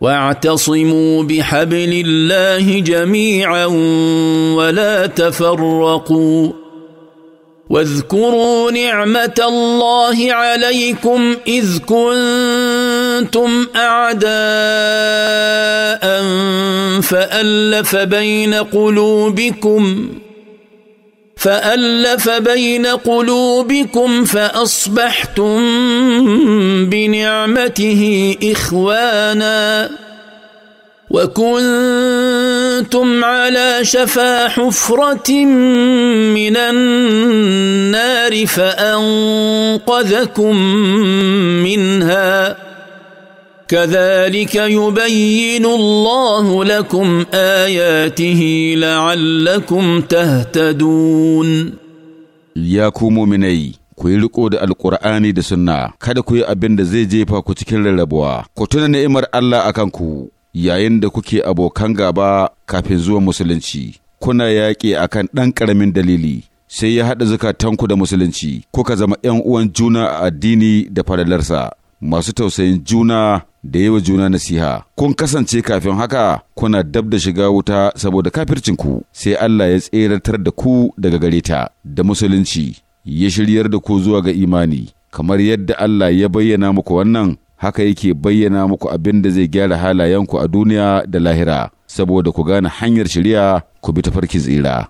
واعتصموا بحبل الله جميعا ولا تفرقوا واذكروا نعمه الله عليكم اذ كنتم اعداء فالف بين قلوبكم فالف بين قلوبكم فاصبحتم ونعمته إخوانا وكنتم على شفا حفرة من النار فأنقذكم منها كذلك يبين الله لكم آياته لعلكم تهتدون يا مني ku yi riko da alkur'ani da sunna kada ku yi abin da zai jefa ku cikin rarrabuwa ku tuna ni'imar Allah a kanku yayin da kuke abokan gaba kafin zuwa musulunci kuna yaƙi akan ɗan ƙaramin dalili sai ya haɗa zukatanku da musulunci kuka zama ‘yan uwan juna a addini da fadalarsa masu tausayin juna da yawa juna nasiha kun kasance kafin haka kuna dab da shiga wuta saboda kafircinku sai Allah ya tseratar da ku daga gare ta da musulunci ya shiryar da ku zuwa ga imani kamar yadda Allah ya bayyana muku wannan haka yake bayyana muku abin da zai gyara halayenku a duniya da lahira saboda ku gane hanyar shirya ku bi tafarki tsira